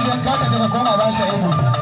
idan ka tafi koma ba ka yi eh,